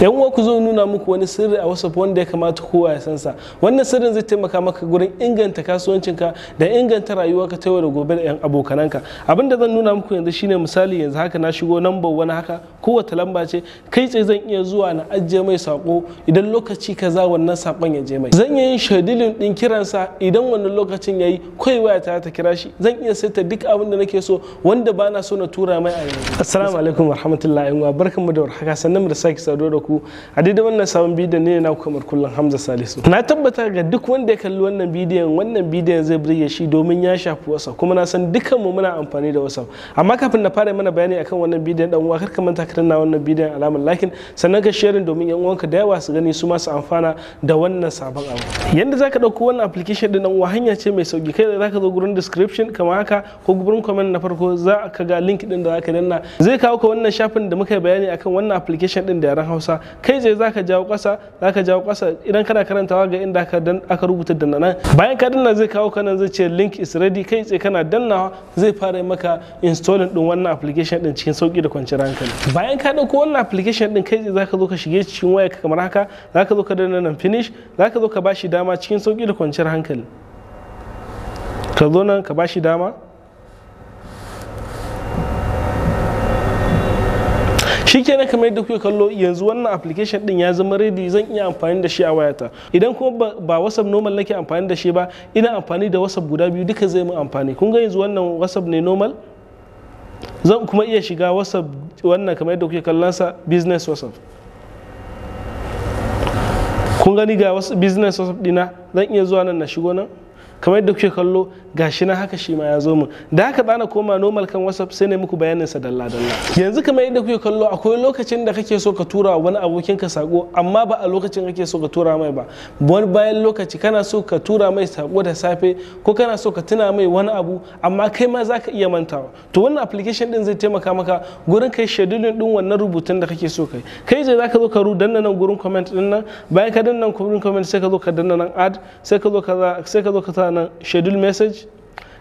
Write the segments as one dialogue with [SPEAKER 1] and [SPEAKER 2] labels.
[SPEAKER 1] yan uwa ku zo nuna muku wani sirri a whatsapp wanda ya kamata kowa ya san sa wannan sirrin zai taimaka maka gurin inganta kasuwancinka da inganta rayuwarka ta yau da gobe da yan abokananka abin da zan nuna muku yanzu shine misali yanzu haka na shigo number wani haka kowace lamba ce kai tsaye zan iya zuwa na ajiye mai sako idan lokaci kaza wannan sakon ya je mai zan iya yin shadilin din kiran sa idan wannan lokacin yayi kai waya ta ta kira shi zan iya saita duk abin da nake so wanda bana so na tura mai a yanzu assalamu alaikum warahmatullahi wabarakatuh barkanmu da warhaka sannan mu da saki saduwa da ku ku a daidai wannan sabon bidiyon ne na kamar kullum hamza salisu na tabbata ga duk wanda ya kalli wannan bidiyon wannan bidiyon zai burge shi domin ya shafi wasa kuma na san dukkan mu muna amfani da wasa amma kafin na fara mana bayani akan wannan bidiyon dan uwa kar ka manta ka danna wannan bidiyon alamar lakin sannan ka sharing domin yan uwanka da yawa su gani su ma su amfana da wannan sabon abu yanda zaka dauko wannan application din dan uwa hanya ce mai sauki kai zaka zo gurin description kamar haka ko gurin comment na farko za ka ga link din da zaka danna zai kawo ka wannan shafin da muka bayani akan wannan application din da yaran Hausa ƙasa kai tsaye zaka jawo ƙasa zaka jawo ƙasa idan kana karantawa ga inda aka rubuta danna nan bayan ka danna zai kawo ka nan zai ce link is ready kai tsaye kana dannawa zai fara maka installing din wannan application din cikin sauki da kwanciyar hankali bayan ka dauko wannan application din kai tsaye zaka zo ka shige cikin wayarka kamar haka zaka zo ka danna nan finish zaka zo ka bashi dama cikin sauki da kwanciyar hankali ka zo nan ka bashi dama shi kenan kamar yadda kuke kallo yanzu wannan application din ya zama ready zan iya amfani da shi a wayata idan kuma ba whatsapp normal nake amfani da shi ba ina amfani da whatsapp guda biyu duka zai mun amfani kun ga yanzu wannan whatsapp ne normal zan kuma iya shiga whatsapp wannan kamar yadda kuke kallon sa business whatsapp kun gani ga wasu business whatsapp dina zan iya zuwa nan na shigo nan kamar yadda kuke kallo gashi na haka shi ma ya zo mu da haka tsana koma normal kan whatsapp sai na muku bayanin sa dalla dalla yanzu kamar yadda kuke kallo akwai lokacin da kake so ka tura wani abokin ka sako amma ba a lokacin kake so ka tura mai ba wani bayan lokaci kana so ka tura mai sako da safe ko kana so ka tuna mai wani abu amma kai ma zaka iya mantawa to wannan application din zai taimaka maka gurin kai scheduling din wannan rubutun da kake so kai kai zai zaka zo ka ru danna nan gurin comment din nan bayan ka danna nan gurin comment sai ka zo ka danna nan add sai ka zo ka sai ka zo ka nan schedule message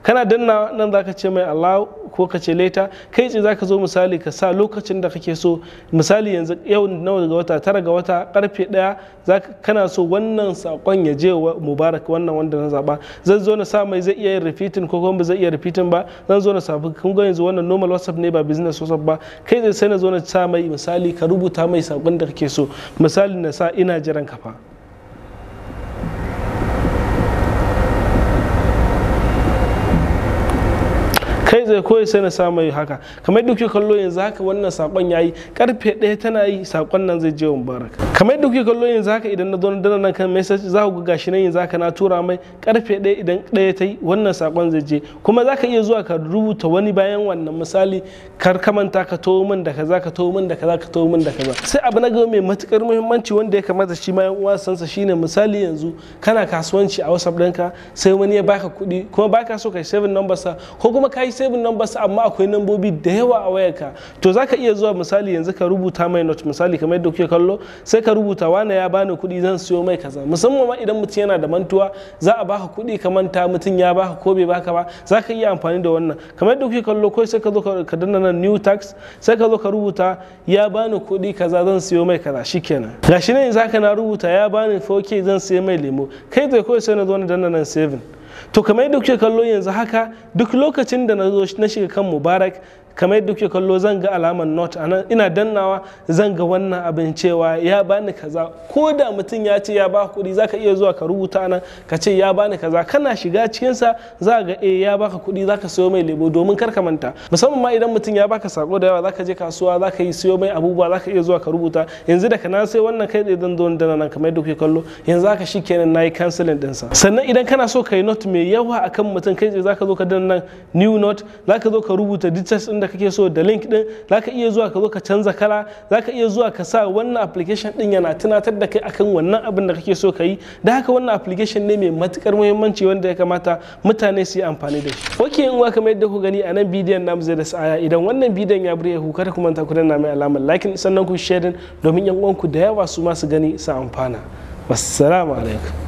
[SPEAKER 1] kana danna nan zaka ce mai allow ko ka ce later kai ce zaka zo misali ka sa lokacin da kake so misali yanzu yau nawa ga wata tara ga wata karfe daya zaka kana so wannan sakon ya je wa mubarak wannan wanda na zaba zan zo na sa mai zai iya yin repeating ko kuma zai iya repeating ba zan zo na sa kun ga yanzu wannan normal whatsapp ne ba business whatsapp ba kai sai na zo na sa mai misali ka rubuta mai sakon da kake so misali na sa ina jiran ka fa kai zai koyi sai na samu haka kamar duk kallo yanzu haka wannan sakon ya yi karfe ɗaya tana yi sakon nan zai je wa mubarak kamar duk kallo yanzu haka idan na zo na nan kan message za ku ga gashi nan yanzu haka na tura mai karfe ɗaya idan ɗaya ta yi wannan sakon zai je kuma za ka iya zuwa ka rubuta wani bayan wannan misali kar ka manta ka to min da kaza ka to min da kaza ka to min da kaza sai abu na gaba mai matukar muhimmanci wanda ya kamata shi ma yan uwa san sa shine misali yanzu kana kasuwanci a WhatsApp ɗinka sai wani ya baka kuɗi kuma baka so kai saving number sa ko kuma kai saving numbers amma akwai nambobi da yawa a wayarka to zaka iya zuwa misali yanzu ka rubuta mai note misali kamar yadda kuke kallo sai ka rubuta wane ya bani kuɗi zan siyo mai kaza musamman ma idan mutum yana da mantuwa za a baka kuɗi ka manta mutum ya baka ko bai baka ba zaka iya amfani da wannan kamar yadda kuke kallo ko sai ka zo ka danna nan new tax sai ka zo ka rubuta ya bani kuɗi kaza zan siyo mai kaza shikenan gashi nan zaka na rubuta ya bani 4k zan siyo mai lemo kai zai kawai sai na zo na danna nan saving to kamar yadda kuke kallo yanzu haka duk lokacin da na shiga kan mubarak kamar yadda kuke kallo zan ga alamar not a nan ina dannawa zan ga wannan abin cewa ya bani kaza ko da mutum ya ce ya ba kuɗi zaka iya zuwa ka rubuta nan ka ce ya bani kaza kana shiga cikin sa za ga eh ya baka kuɗi zaka sayo mai lebo domin kar ka manta musamman ma idan mutum ya baka sako da yawa zaka je kasuwa zaka yi siyo mai abubuwa zaka iya zuwa ka rubuta yanzu da kana sai wannan kai da zan zo da nan kamar yadda kuke kallo yanzu zaka shikenan nayi canceling din sa sannan idan kana so kai not mai yawa akan mutum kai zaka zo ka nan new not zaka zo ka rubuta details din da kake so da link din zaka iya zuwa ka zo ka canza kala zaka iya zuwa ka sa wannan application din yana tunatar da kai akan wannan abin da kake so ka yi da haka wannan application ne mai matukar muhimmanci wanda ya kamata mutane su yi amfani da shi ok in wa kamar yadda ku gani a nan bidiyon namu zai da sa'aya idan wannan bidiyon ya burge ku kada ku manta ku danna mai alamar like sannan ku din domin yan uwanku da yawa su ma su gani su amfana wassalamu alaikum